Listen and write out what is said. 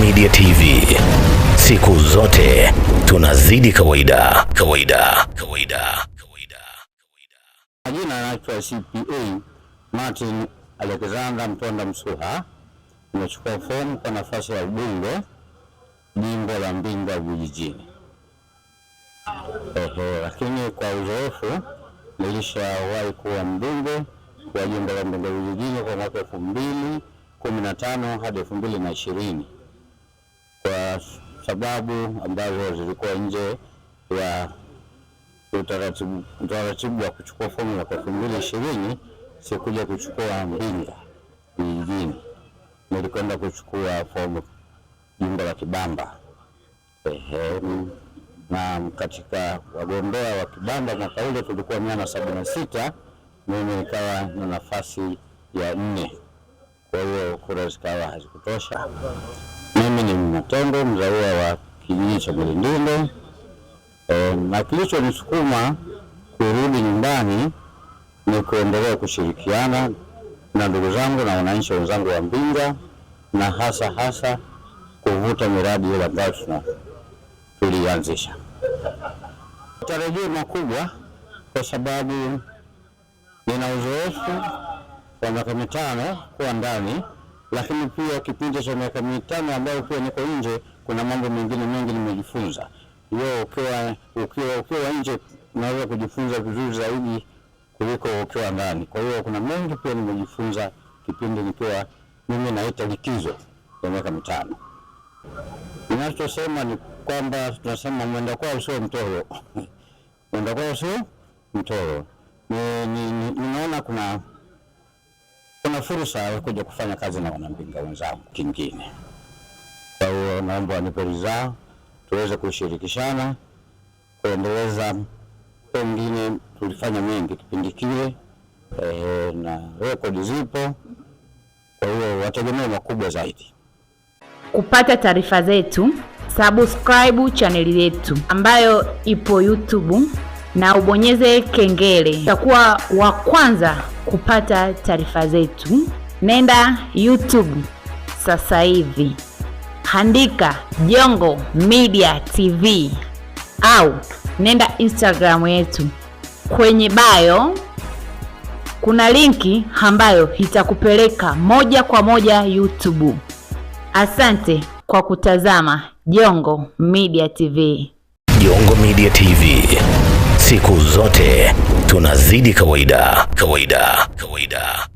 Media TV, siku zote tunazidi kawaida kawaida kawaida kawaida. Jina naitwa CPA Martin Alexander Mtonda Msuha, nimechukua fomu kwa nafasi ya ubunge jimbo la Mbinga vijijini. Oho, lakini kwa uzoefu nilishawahi kuwa mbunge wa jimbo la Mbinga vijijini kwa mwaka elfu mbili kumi na tano hadi elfu mbili na ishirini kwa sababu ambazo zilikuwa nje ya utaratibu utaratibu wa kuchukua fomu mwaka elfu mbili ishirini sikuja kuchukua Mbinga vijijini, nilikwenda kuchukua fomu jimbo la Kibamba. Ehe, na katika wagombea wa Kibamba mwaka ule tulikuwa mia na sabini na sita mimi nikawa na nafasi ya nne, kwa hiyo kura zikawa hazikutosha mimi ni Mnatondo, mzaliwa wa kijiji cha Mwilindindo e, eh, na kilichonisukuma kurudi nyumbani ni kuendelea kushirikiana na ndugu zangu na wananchi wenzangu wa Mbinga na hasa hasa kuvuta miradi ile ambayo tulianzisha. Tarajio makubwa kwa sababu nina uzoefu wa miaka mitano kuwa ndani lakini pia kipindi cha miaka mitano ambayo pia niko nje, kuna mambo mengine mengi nimejifunza. Hiyo ukiwa ukiwa ukiwa nje unaweza kujifunza vizuri zaidi kuliko ukiwa ndani. Kwa hiyo kuna mengi pia nimejifunza kipindi nikiwa mimi naita likizo ya miaka mitano. Ninachosema ni kwamba tunasema mwenda kwao sio mtoro mwenda kwao sio mtoro. Ninaona kuna na fursa ya kuja kufanya kazi na wanambinga wenzangu kingine. Kwa hiyo naomba wanipe ridhaa tuweze kushirikishana kuendeleza, pengine tulifanya mengi kipindi kile eh, na rekodi zipo, kwa hiyo wategemea makubwa zaidi. Kupata taarifa zetu, subscribe chaneli yetu ambayo ipo YouTube na ubonyeze kengele, utakuwa wa kwanza kupata taarifa zetu, nenda YouTube sasa hivi andika Jongo Media TV au nenda Instagram yetu. Kwenye bayo kuna linki ambayo itakupeleka moja kwa moja YouTube. Asante kwa kutazama Jongo Media TV. Jongo Media TV siku zote tunazidi kawaida kawaida kawaida.